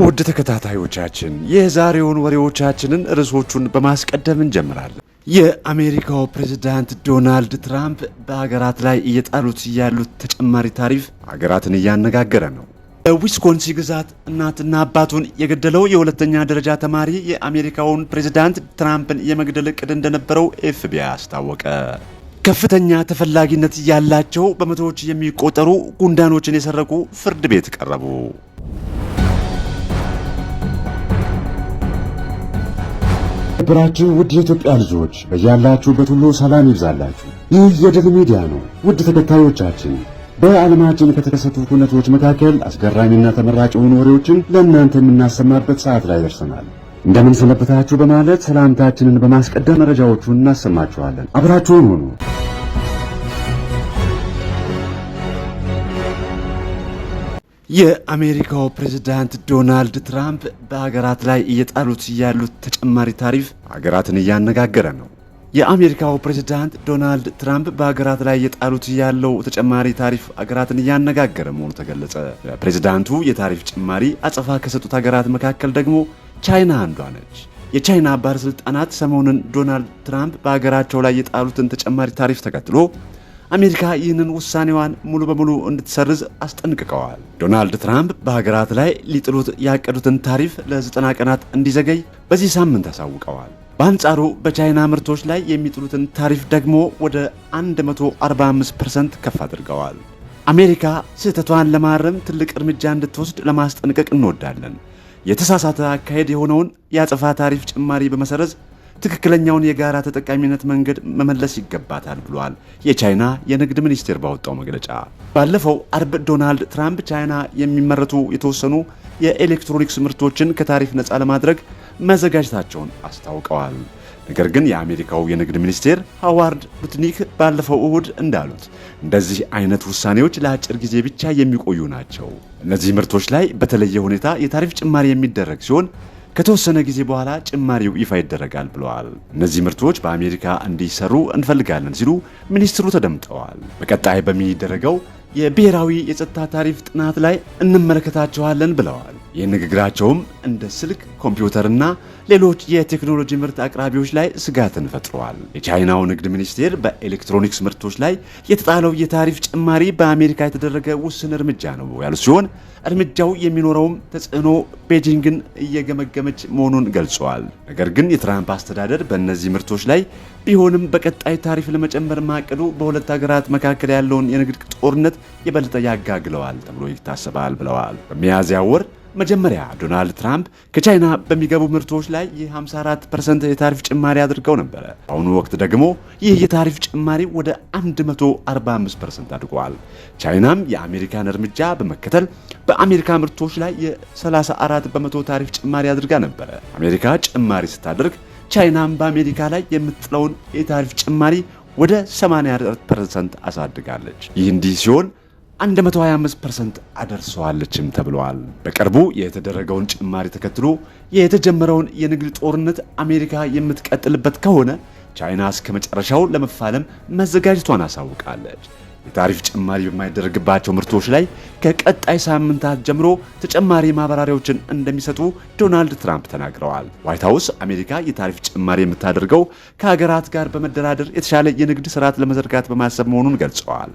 ውድ ተከታታዮቻችን የዛሬውን ወሬዎቻችንን ርዕሶቹን በማስቀደም እንጀምራለን። የአሜሪካው ፕሬዝዳንት ዶናልድ ትራምፕ በሀገራት ላይ እየጣሉት ያሉት ተጨማሪ ታሪፍ ሀገራትን እያነጋገረ ነው። በዊስኮንሲ ግዛት እናትና አባቱን የገደለው የሁለተኛ ደረጃ ተማሪ የአሜሪካውን ፕሬዝዳንት ትራምፕን የመግደል እቅድ እንደነበረው ኤፍቢአይ አስታወቀ። ከፍተኛ ተፈላጊነት ያላቸው በመቶዎች የሚቆጠሩ ጉንዳኖችን የሰረቁ ፍርድ ቤት ቀረቡ። የተከበራችሁ ውድ የኢትዮጵያ ልጆች በያላችሁበት ሁሉ ሰላም ይብዛላችሁ። ይህ የድል ሚዲያ ነው። ውድ ተከታዮቻችን በዓለማችን ከተከሰቱ ሁነቶች መካከል አስገራሚና ተመራጭ የሆኑ ወሬዎችን ለእናንተ የምናሰማበት ሰዓት ላይ ደርሰናል። እንደምን ሰነበታችሁ በማለት ሰላምታችንን በማስቀደም መረጃዎቹን እናሰማችኋለን። አብራችሁን ሁኑ። የአሜሪካው ፕሬዝዳንት ዶናልድ ትራምፕ በሀገራት ላይ እየጣሉት ያሉት ተጨማሪ ታሪፍ ሀገራትን እያነጋገረ ነው። የአሜሪካው ፕሬዝዳንት ዶናልድ ትራምፕ በሀገራት ላይ እየጣሉት ያለው ተጨማሪ ታሪፍ ሀገራትን እያነጋገረ መሆኑ ተገለጸ። ፕሬዝዳንቱ የታሪፍ ጭማሪ አጸፋ ከሰጡት ሀገራት መካከል ደግሞ ቻይና አንዷ ነች። የቻይና ባለሥልጣናት ሰሞኑን ዶናልድ ትራምፕ በሀገራቸው ላይ የጣሉትን ተጨማሪ ታሪፍ ተከትሎ አሜሪካ ይህንን ውሳኔዋን ሙሉ በሙሉ እንድትሰርዝ አስጠንቅቀዋል። ዶናልድ ትራምፕ በሀገራት ላይ ሊጥሉት ያቀዱትን ታሪፍ ለ90 ቀናት እንዲዘገይ በዚህ ሳምንት አሳውቀዋል። በአንጻሩ በቻይና ምርቶች ላይ የሚጥሉትን ታሪፍ ደግሞ ወደ 145% ከፍ አድርገዋል። አሜሪካ ስህተቷን ለማረም ትልቅ እርምጃ እንድትወስድ ለማስጠንቀቅ እንወዳለን። የተሳሳተ አካሄድ የሆነውን የአጸፋ ታሪፍ ጭማሪ በመሰረዝ ትክክለኛውን የጋራ ተጠቃሚነት መንገድ መመለስ ይገባታል ብሏል የቻይና የንግድ ሚኒስቴር ባወጣው መግለጫ። ባለፈው አርብ ዶናልድ ትራምፕ ቻይና የሚመረቱ የተወሰኑ የኤሌክትሮኒክስ ምርቶችን ከታሪፍ ነፃ ለማድረግ መዘጋጀታቸውን አስታውቀዋል። ነገር ግን የአሜሪካው የንግድ ሚኒስቴር ሃዋርድ ቡትኒክ ባለፈው እሁድ እንዳሉት እንደዚህ አይነት ውሳኔዎች ለአጭር ጊዜ ብቻ የሚቆዩ ናቸው። እነዚህ ምርቶች ላይ በተለየ ሁኔታ የታሪፍ ጭማሪ የሚደረግ ሲሆን ከተወሰነ ጊዜ በኋላ ጭማሪው ይፋ ይደረጋል ብለዋል። እነዚህ ምርቶች በአሜሪካ እንዲሰሩ እንፈልጋለን ሲሉ ሚኒስትሩ ተደምጠዋል። በቀጣይ በሚደረገው የብሔራዊ የጸጥታ ታሪፍ ጥናት ላይ እንመለከታቸዋለን ብለዋል። ይህ ንግግራቸውም እንደ ስልክ፣ ኮምፒውተርና ሌሎች የቴክኖሎጂ ምርት አቅራቢዎች ላይ ስጋትን ፈጥረዋል። የቻይናው ንግድ ሚኒስቴር በኤሌክትሮኒክስ ምርቶች ላይ የተጣለው የታሪፍ ጭማሪ በአሜሪካ የተደረገ ውስን እርምጃ ነው ያሉ ሲሆን እርምጃው የሚኖረውም ተጽዕኖ ቤጂንግን እየገመገመች መሆኑን ገልጸዋል። ነገር ግን የትራምፕ አስተዳደር በእነዚህ ምርቶች ላይ ቢሆንም በቀጣይ ታሪፍ ለመጨመር ማቀዱ በሁለት ሀገራት መካከል ያለውን የንግድ ጦርነት የበለጠ ያጋግለዋል ተብሎ ይታሰባል ብለዋል። በሚያዝያ ወር መጀመሪያ ዶናልድ ትራምፕ ከቻይና በሚገቡ ምርቶች ላይ የ54 ፐርሰንት የታሪፍ ጭማሪ አድርገው ነበረ። በአሁኑ ወቅት ደግሞ ይህ የታሪፍ ጭማሪ ወደ 145 ፐርሰንት አድጓል። ቻይናም የአሜሪካን እርምጃ በመከተል በአሜሪካ ምርቶች ላይ የ34 በመቶ ታሪፍ ጭማሪ አድርጋ ነበረ። አሜሪካ ጭማሪ ስታደርግ ቻይናም በአሜሪካ ላይ የምትጥለውን የታሪፍ ጭማሪ ወደ 84% አሳድጋለች። ይህ እንዲህ ሲሆን 125% አደርሰዋለችም ተብለዋል። በቅርቡ የተደረገውን ጭማሪ ተከትሎ የተጀመረውን የንግድ ጦርነት አሜሪካ የምትቀጥልበት ከሆነ ቻይና እስከ መጨረሻው ለመፋለም መዘጋጀቷን አሳውቃለች። የታሪፍ ጭማሪ በማይደረግባቸው ምርቶች ላይ ከቀጣይ ሳምንታት ጀምሮ ተጨማሪ ማብራሪያዎችን እንደሚሰጡ ዶናልድ ትራምፕ ተናግረዋል። ዋይት ሀውስ አሜሪካ የታሪፍ ጭማሪ የምታደርገው ከሀገራት ጋር በመደራደር የተሻለ የንግድ ስርዓት ለመዘርጋት በማሰብ መሆኑን ገልጸዋል።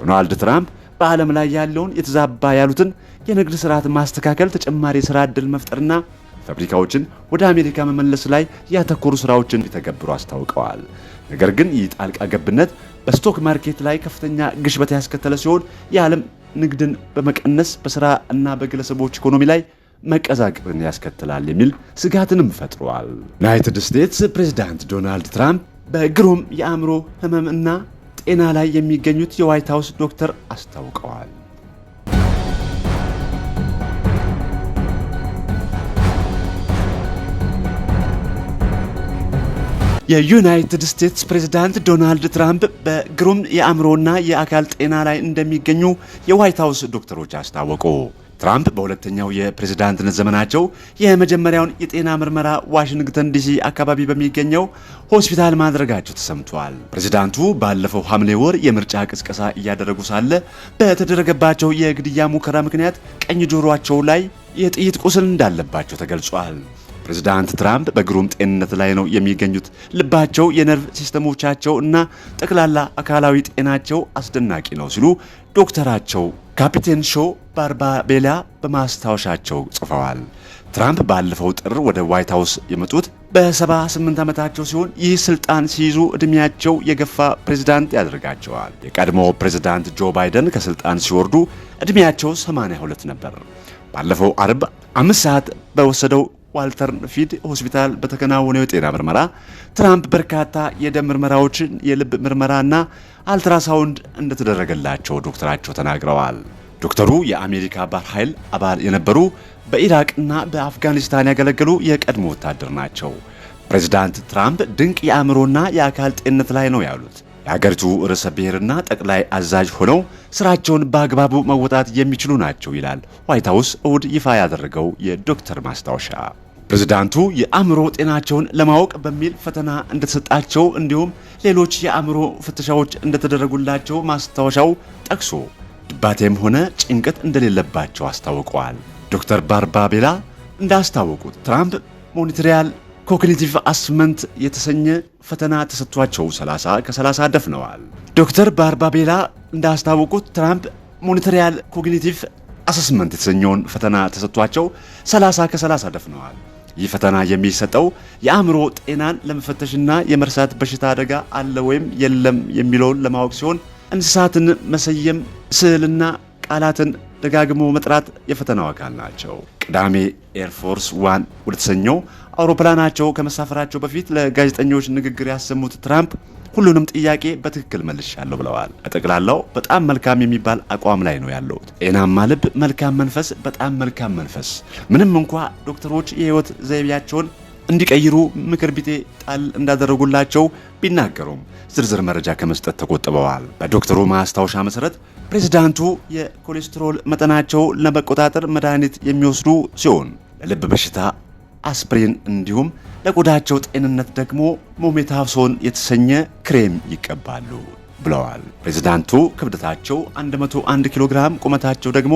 ዶናልድ ትራምፕ በዓለም ላይ ያለውን የተዛባ ያሉትን የንግድ ስርዓት ማስተካከል፣ ተጨማሪ የስራ ዕድል መፍጠርና ፋብሪካዎችን ወደ አሜሪካ መመለስ ላይ ያተኮሩ ስራዎችን እንዲተገብሩ አስታውቀዋል። ነገር ግን ይህ ጣልቃ ገብነት በስቶክ ማርኬት ላይ ከፍተኛ ግሽበት ያስከተለ ሲሆን የዓለም ንግድን በመቀነስ በስራ እና በግለሰቦች ኢኮኖሚ ላይ መቀዛቀዝን ያስከትላል የሚል ስጋትንም ፈጥሯል። ዩናይትድ ስቴትስ ፕሬዚዳንት ዶናልድ ትራምፕ በግሩም የአእምሮ ህመም እና ጤና ላይ የሚገኙት የዋይት ሀውስ ዶክተር አስታውቀዋል። የዩናይትድ ስቴትስ ፕሬዝዳንት ዶናልድ ትራምፕ በግሩም የአእምሮና የአካል ጤና ላይ እንደሚገኙ የዋይት ሀውስ ዶክተሮች አስታወቁ። ትራምፕ በሁለተኛው የፕሬዝዳንትነት ዘመናቸው የመጀመሪያውን የጤና ምርመራ ዋሽንግተን ዲሲ አካባቢ በሚገኘው ሆስፒታል ማድረጋቸው ተሰምቷል። ፕሬዝዳንቱ ባለፈው ሐምሌ ወር የምርጫ ቅስቀሳ እያደረጉ ሳለ በተደረገባቸው የግድያ ሙከራ ምክንያት ቀኝ ጆሮቸው ላይ የጥይት ቁስል እንዳለባቸው ተገልጿል። ፕሬዝዳንት ትራምፕ በግሩም ጤንነት ላይ ነው የሚገኙት። ልባቸው፣ የነርቭ ሲስተሞቻቸው እና ጠቅላላ አካላዊ ጤናቸው አስደናቂ ነው ሲሉ ዶክተራቸው ካፒቴን ሾ ባርባቤላ በማስታወሻቸው ጽፈዋል። ትራምፕ ባለፈው ጥር ወደ ዋይት ሀውስ የመጡት በ78 ዓመታቸው ሲሆን ይህ ስልጣን ሲይዙ ዕድሜያቸው የገፋ ፕሬዝዳንት ያደርጋቸዋል። የቀድሞ ፕሬዝዳንት ጆ ባይደን ከስልጣን ሲወርዱ ዕድሜያቸው 82 ነበር። ባለፈው አርብ አምስት ሰዓት በወሰደው ዋልተር ፊድ ሆስፒታል በተከናወነው የጤና ምርመራ ትራምፕ በርካታ የደም ምርመራዎችን፣ የልብ ምርመራና አልትራሳውንድ እንደተደረገላቸው ዶክተራቸው ተናግረዋል። ዶክተሩ የአሜሪካ ባህር ኃይል አባል የነበሩ በኢራቅና በአፍጋኒስታን ያገለገሉ የቀድሞ ወታደር ናቸው። ፕሬዚዳንት ትራምፕ ድንቅ የአእምሮና የአካል ጤንነት ላይ ነው ያሉት የሀገሪቱ ርዕሰ ብሔርና ጠቅላይ አዛዥ ሆነው ስራቸውን በአግባቡ መወጣት የሚችሉ ናቸው ይላል ዋይት ሀውስ እሁድ ይፋ ያደረገው የዶክተር ማስታወሻ። ፕሬዝዳንቱ የአእምሮ ጤናቸውን ለማወቅ በሚል ፈተና እንደተሰጣቸው እንዲሁም ሌሎች የአእምሮ ፍተሻዎች እንደተደረጉላቸው ማስታወሻው ጠቅሶ ድባቴም ሆነ ጭንቀት እንደሌለባቸው አስታውቀዋል። ዶክተር ባርባቤላ እንዳስታወቁት ትራምፕ ሞኒትሪያል ኮግኒቲቭ አስመንት የተሰኘ ፈተና ተሰጥቷቸው 30 ከ30 ደፍነዋል። ዶክተር ባርባቤላ እንዳስታወቁት ትራምፕ ሞኒትሪያል ኮግኒቲቭ አሰስመንት የተሰኘውን ፈተና ተሰጥቷቸው 30 ከ30 ደፍነዋል። ይህ ፈተና የሚሰጠው የአእምሮ ጤናን ለመፈተሽና የመርሳት በሽታ አደጋ አለ ወይም የለም የሚለውን ለማወቅ ሲሆን እንስሳትን መሰየም፣ ስዕልና ቃላትን ደጋግሞ መጥራት የፈተናው አካል ናቸው። ቅዳሜ ኤርፎርስ ዋን ወደተሰኘው አውሮፕላናቸው ከመሳፈራቸው በፊት ለጋዜጠኞች ንግግር ያሰሙት ትራምፕ ሁሉንም ጥያቄ በትክክል መልሻለሁ ብለዋል። በጠቅላላው በጣም መልካም የሚባል አቋም ላይ ነው ያለሁት። ጤናማ ልብ፣ መልካም መንፈስ፣ በጣም መልካም መንፈስ። ምንም እንኳ ዶክተሮች የህይወት ዘይቤያቸውን እንዲቀይሩ ምክር ቢጤ ጣል እንዳደረጉላቸው ቢናገሩም ዝርዝር መረጃ ከመስጠት ተቆጥበዋል። በዶክተሩ ማስታወሻ መሰረት ፕሬዚዳንቱ የኮሌስትሮል መጠናቸው ለመቆጣጠር መድኃኒት የሚወስዱ ሲሆን ለልብ በሽታ አስፕሪን እንዲሁም ለቆዳቸው ጤንነት ደግሞ ሞሜታሶን የተሰኘ ክሬም ይቀባሉ ብለዋል። ፕሬዚዳንቱ ክብደታቸው 101 ኪሎ ግራም፣ ቁመታቸው ደግሞ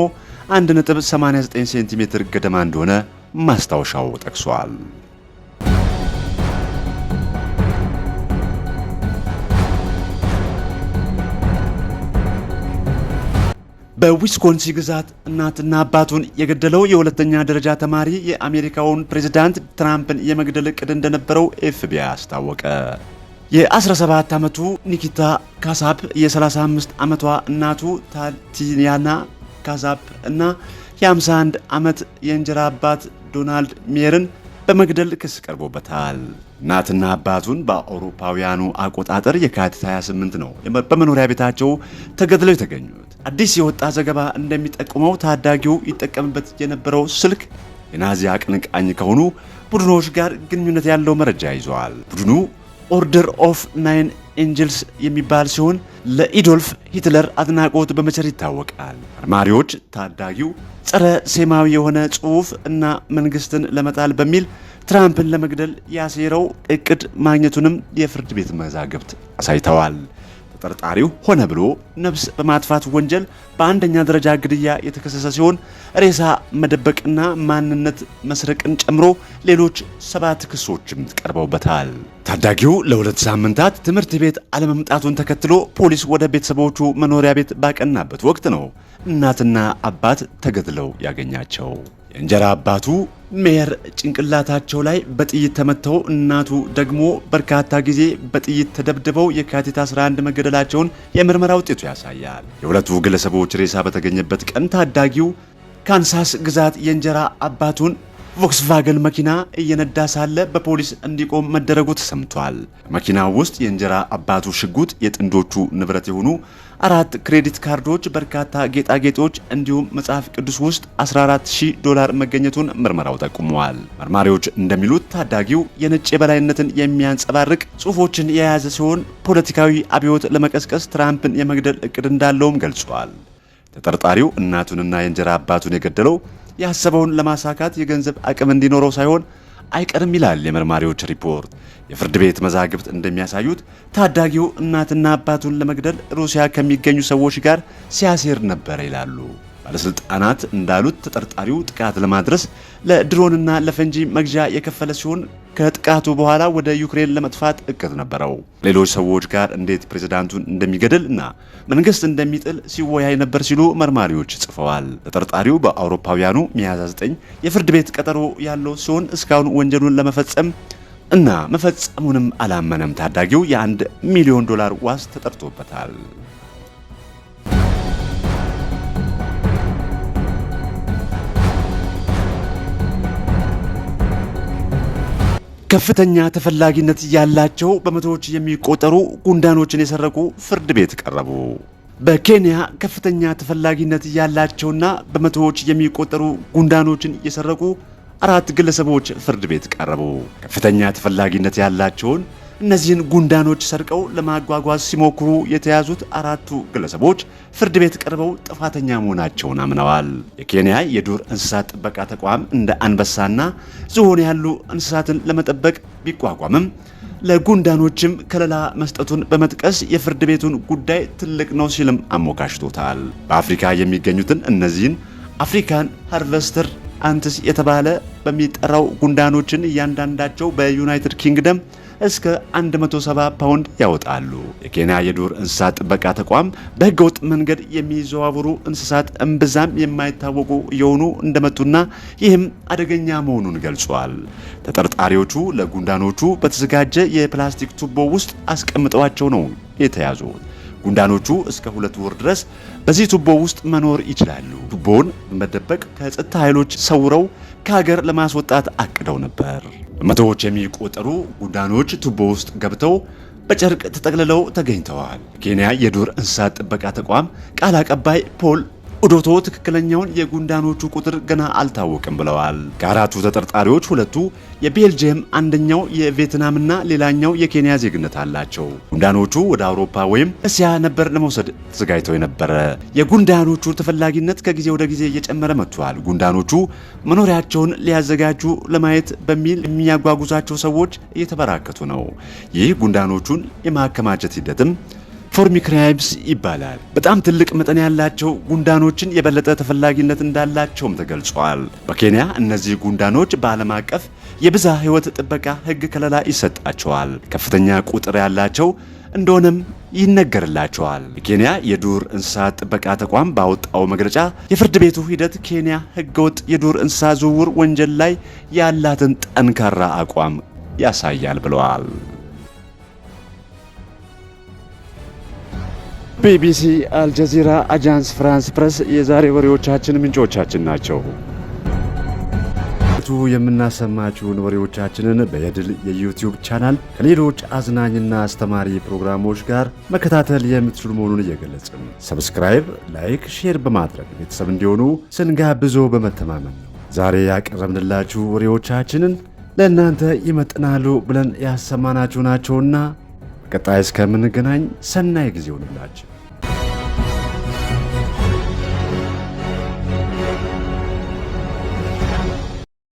1.89 ሴንቲሜትር ገደማ እንደሆነ ማስታወሻው ጠቅሷል። በዊስኮንሲ ግዛት እናትና አባቱን የገደለው የሁለተኛ ደረጃ ተማሪ የአሜሪካውን ፕሬዝዳንት ትራምፕን የመግደል እቅድ እንደነበረው ኤፍቢአይ አስታወቀ። የ17 ዓመቱ ኒኪታ ካሳፕ፣ የ35 ዓመቷ እናቱ ታቲያና ካሳፕ እና የ51 ዓመት የእንጀራ አባት ዶናልድ ሜርን በመግደል ክስ ቀርቦበታል። እናትና አባቱን በአውሮፓውያኑ አቆጣጠር የካቲት 28 ነው በመኖሪያ ቤታቸው ተገድለው የተገኙት። አዲስ የወጣ ዘገባ እንደሚጠቁመው ታዳጊው ይጠቀምበት የነበረው ስልክ የናዚ አቀንቃኝ ከሆኑ ቡድኖች ጋር ግንኙነት ያለው መረጃ ይዘዋል። ቡድኑ ኦርደር ኦፍ ናይን ኤንጀልስ የሚባል ሲሆን ለኢዶልፍ ሂትለር አድናቆት በመቸር ይታወቃል። መርማሪዎች ታዳጊው ጸረ ሴማዊ የሆነ ጽሑፍ እና መንግስትን ለመጣል በሚል ትራምፕን ለመግደል ያሴረው እቅድ ማግኘቱንም የፍርድ ቤት መዛግብት አሳይተዋል። ተጠርጣሪው ሆነ ብሎ ነፍስ በማጥፋት ወንጀል በአንደኛ ደረጃ ግድያ የተከሰሰ ሲሆን ሬሳ መደበቅና ማንነት መስረቅን ጨምሮ ሌሎች ሰባት ክሶችም ቀርበውበታል። ታዳጊው ለሁለት ሳምንታት ትምህርት ቤት አለመምጣቱን ተከትሎ ፖሊስ ወደ ቤተሰቦቹ መኖሪያ ቤት ባቀናበት ወቅት ነው እናትና አባት ተገድለው ያገኛቸው። የእንጀራ አባቱ ሜየር ጭንቅላታቸው ላይ በጥይት ተመተው እናቱ ደግሞ በርካታ ጊዜ በጥይት ተደብድበው የካቲት 11 መገደላቸውን የምርመራ ውጤቱ ያሳያል። የሁለቱ ግለሰቦች ሬሳ በተገኘበት ቀን ታዳጊው ካንሳስ ግዛት የእንጀራ አባቱን ቮክስቫገን መኪና እየነዳ ሳለ በፖሊስ እንዲቆም መደረጉ ተሰምቷል። መኪናው ውስጥ የእንጀራ አባቱ ሽጉጥ፣ የጥንዶቹ ንብረት የሆኑ አራት ክሬዲት ካርዶች፣ በርካታ ጌጣጌጦች እንዲሁም መጽሐፍ ቅዱስ ውስጥ 140 ዶላር መገኘቱን ምርመራው ጠቁመዋል። መርማሪዎች እንደሚሉት ታዳጊው የነጭ የበላይነትን የሚያንጸባርቅ ጽሑፎችን የያዘ ሲሆን ፖለቲካዊ አብዮት ለመቀስቀስ ትራምፕን የመግደል እቅድ እንዳለውም ገልጿል። ተጠርጣሪው እናቱንና የእንጀራ አባቱን የገደለው ያሰበውን ለማሳካት የገንዘብ አቅም እንዲኖረው ሳይሆን አይቀርም ይላል የመርማሪዎች ሪፖርት። የፍርድ ቤት መዛግብት እንደሚያሳዩት ታዳጊው እናትና አባቱን ለመግደል ሩሲያ ከሚገኙ ሰዎች ጋር ሲያሴር ነበር ይላሉ። ባለስልጣናት እንዳሉት ተጠርጣሪው ጥቃት ለማድረስ ለድሮንና ለፈንጂ መግዣ የከፈለ ሲሆን ከጥቃቱ በኋላ ወደ ዩክሬን ለመጥፋት እቅድ ነበረው። ሌሎች ሰዎች ጋር እንዴት ፕሬዝዳንቱን እንደሚገድል እና መንግስት እንደሚጥል ሲወያይ ነበር ሲሉ መርማሪዎች ጽፈዋል። ተጠርጣሪው በአውሮፓውያኑ ሚያዝያ 9 የፍርድ ቤት ቀጠሮ ያለው ሲሆን እስካሁን ወንጀሉን ለመፈጸም እና መፈጸሙንም አላመነም። ታዳጊው የአንድ ሚሊዮን ዶላር ዋስ ተጠርቶበታል። ከፍተኛ ተፈላጊነት ያላቸው በመቶዎች የሚቆጠሩ ጉንዳኖችን የሰረቁ ፍርድ ቤት ቀረቡ። በኬንያ ከፍተኛ ተፈላጊነት ያላቸውና በመቶዎች የሚቆጠሩ ጉንዳኖችን የሰረቁ አራት ግለሰቦች ፍርድ ቤት ቀረቡ። ከፍተኛ ተፈላጊነት ያላቸውን እነዚህን ጉንዳኖች ሰርቀው ለማጓጓዝ ሲሞክሩ የተያዙት አራቱ ግለሰቦች ፍርድ ቤት ቀርበው ጥፋተኛ መሆናቸውን አምነዋል። የኬንያ የዱር እንስሳት ጥበቃ ተቋም እንደ አንበሳና ዝሆን ያሉ እንስሳትን ለመጠበቅ ቢቋቋምም ለጉንዳኖችም ከለላ መስጠቱን በመጥቀስ የፍርድ ቤቱን ጉዳይ ትልቅ ነው ሲልም አሞካሽቶታል። በአፍሪካ የሚገኙትን እነዚህን አፍሪካን ሃርቨስተር አንትስ የተባለ በሚጠራው ጉንዳኖችን እያንዳንዳቸው በዩናይትድ ኪንግደም እስከ 170 ፓውንድ ያወጣሉ። የኬንያ የዱር እንስሳት ጥበቃ ተቋም በህገወጥ መንገድ የሚዘዋወሩ እንስሳት እምብዛም የማይታወቁ እየሆኑ እንደመጡና ይህም አደገኛ መሆኑን ገልጿል። ተጠርጣሪዎቹ ለጉንዳኖቹ በተዘጋጀ የፕላስቲክ ቱቦ ውስጥ አስቀምጠዋቸው ነው የተያዙት። ጉንዳኖቹ እስከ ሁለት ወር ድረስ በዚህ ቱቦ ውስጥ መኖር ይችላሉ። ቱቦውን በመደበቅ ከጸጥታ ኃይሎች ሰውረው ከሀገር ለማስወጣት አቅደው ነበር። በመቶዎች የሚቆጠሩ ጉዳኖች ቱቦ ውስጥ ገብተው በጨርቅ ተጠቅልለው ተገኝተዋል። ኬንያ የዱር እንስሳት ጥበቃ ተቋም ቃል አቀባይ ፖል ኡዶቶ ትክክለኛውን የጉንዳኖቹ ቁጥር ገና አልታወቅም ብለዋል። ከአራቱ ተጠርጣሪዎች ሁለቱ የቤልጅየም አንደኛው የቪየትናምና ሌላኛው የኬንያ ዜግነት አላቸው። ጉንዳኖቹ ወደ አውሮፓ ወይም እስያ ነበር ለመውሰድ ተዘጋጅተው የነበረ። የጉንዳኖቹ ተፈላጊነት ከጊዜ ወደ ጊዜ እየጨመረ መጥቷል። ጉንዳኖቹ መኖሪያቸውን ሊያዘጋጁ ለማየት በሚል የሚያጓጉዛቸው ሰዎች እየተበራከቱ ነው። ይህ ጉንዳኖቹን የማከማቸት ሂደትም ፎርሚክራይብስ ይባላል። በጣም ትልቅ መጠን ያላቸው ጉንዳኖችን የበለጠ ተፈላጊነት እንዳላቸውም ተገልጿል። በኬንያ እነዚህ ጉንዳኖች በዓለም አቀፍ የብዝሃ ሕይወት ጥበቃ ሕግ ከለላ ይሰጣቸዋል። ከፍተኛ ቁጥር ያላቸው እንደሆነም ይነገርላቸዋል። የኬንያ የዱር እንስሳት ጥበቃ ተቋም ባወጣው መግለጫ የፍርድ ቤቱ ሂደት ኬንያ ሕገወጥ የዱር እንስሳ ዝውውር ወንጀል ላይ ያላትን ጠንካራ አቋም ያሳያል ብለዋል። ቢቢሲ፣ አልጀዚራ፣ አጃንስ ፍራንስ ፕረስ የዛሬ ወሬዎቻችን ምንጮቻችን ናቸው። ቱ የምናሰማችውን ወሬዎቻችንን በየድል የዩቲዩብ ቻናል ከሌሎች አዝናኝና አስተማሪ ፕሮግራሞች ጋር መከታተል የምትችሉ መሆኑን እየገለጽም ሰብስክራይብ፣ ላይክ፣ ሼር በማድረግ ቤተሰብ እንዲሆኑ ስንጋብዞ በመተማመን ነው ዛሬ ያቀረብንላችሁ ወሬዎቻችንን ለእናንተ ይመጥናሉ ብለን ያሰማናችሁ ናቸውና በቀጣይ እስከምንገናኝ ሰናይ ጊዜ ይሁንላችሁ።